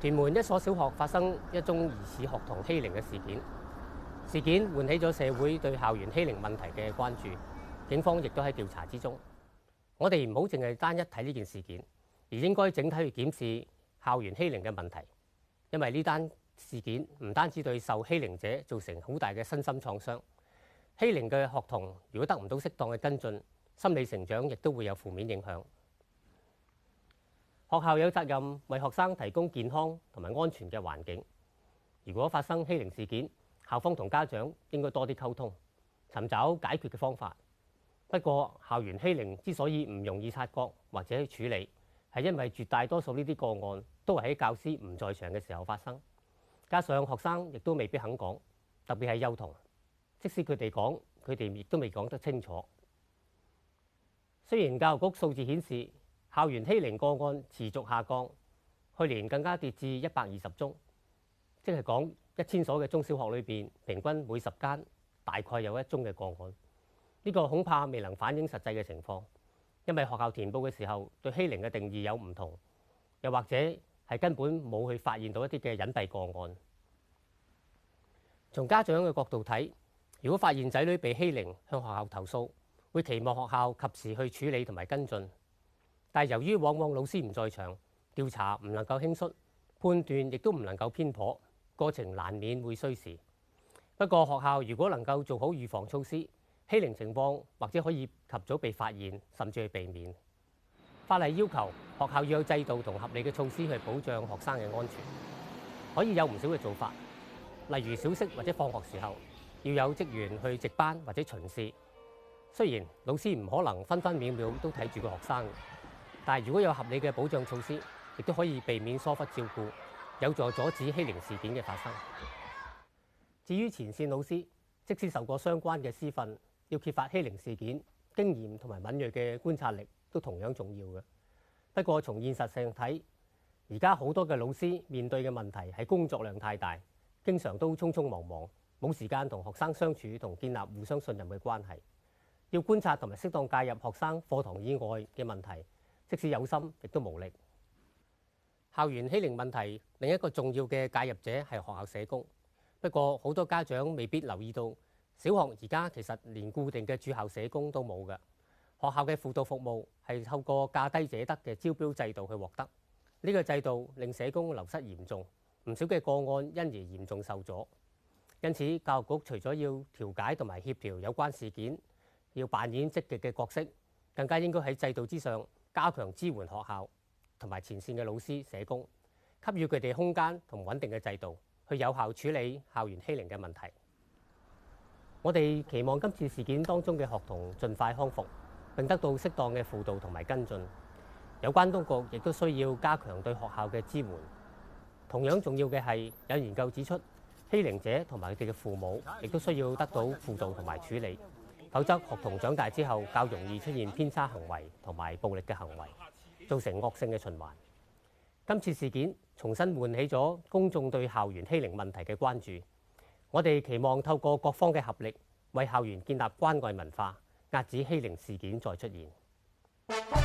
屯門一所小學發生一宗疑似學童欺凌嘅事件，事件喚起咗社會對校園欺凌問題嘅關注。警方亦都喺調查之中。我哋唔好淨係單一睇呢件事件，而應該整體去檢視校園欺凌嘅問題，因為呢單事件唔單止對受欺凌者造成好大嘅身心創傷，欺凌嘅學童如果得唔到適當嘅跟進，心理成長亦都會有負面影響。學校有責任為學生提供健康同埋安全嘅環境。如果發生欺凌事件，校方同家長應該多啲溝通，尋找解決嘅方法。不過，校園欺凌之所以唔容易察覺或者處理，係因為絕大多數呢啲個案都係喺教師唔在場嘅時候發生，加上學生亦都未必肯講，特別係幼童，即使佢哋講，佢哋亦都未講得清楚。雖然教育局數字顯示，校園欺凌個案持續下降，去年更加跌至一百二十宗，即係講一千所嘅中小學裏面，平均每十間大概有一宗嘅個案。呢個恐怕未能反映實際嘅情況，因為學校填報嘅時候對欺凌嘅定義有唔同，又或者係根本冇去發現到一啲嘅隱蔽個案。從家長嘅角度睇，如果發現仔女被欺凌，向學校投訴，會期望學校及時去處理同埋跟進。但由於往往老師唔在場，調查唔能夠輕率，判斷亦都唔能夠偏頗，過程難免會需時。不過，學校如果能夠做好預防措施，欺凌情況或者可以及早被發現，甚至去避免。法例要求學校要有制度同合理嘅措施去保障學生嘅安全，可以有唔少嘅做法，例如小息或者放學時候要有職員去值班或者巡視。雖然老師唔可能分分秒秒都睇住個學生。但係如果有合理嘅保障措施，亦都可以避免疏忽照顧，有助阻止欺凌事件嘅發生。至於前綫老師，即使受過相關嘅師訓，要揭發欺凌事件經驗同埋敏銳嘅觀察力都同樣重要嘅。不過從現實上睇，而家好多嘅老師面對嘅問題，係工作量太大，經常都匆匆忙忙，冇時間同學生相處同建立互相信任嘅關係，要觀察同埋適當介入學生課堂以外嘅問題。即使有心，亦都無力。校園欺凌問題另一個重要嘅介入者係學校社工，不過好多家長未必留意到，小學而家其實連固定嘅駐校社工都冇嘅。學校嘅輔導服務係透過價低者得嘅招標制度去獲得。呢個制度令社工流失嚴重，唔少嘅個案因而嚴重受阻。因此，教育局除咗要調解同埋協調有關事件，要扮演積極嘅角色，更加應該喺制度之上。加強支援學校同埋前線嘅老師社工，給予佢哋空間同穩定嘅制度，去有效處理校園欺凌嘅問題。我哋期望今次事件當中嘅學童盡快康復，並得到適當嘅輔導同埋跟進。有關當局亦都需要加強對學校嘅支援。同樣重要嘅係，有研究指出，欺凌者同埋佢哋嘅父母亦都需要得到輔導同埋處理。否則，學童長大之後較容易出現偏差行為同埋暴力嘅行為，造成惡性嘅循環。今次事件重新喚起咗公眾對校園欺凌問題嘅關注。我哋期望透過各方嘅合力，為校園建立關愛文化，遏止欺凌事件再出現。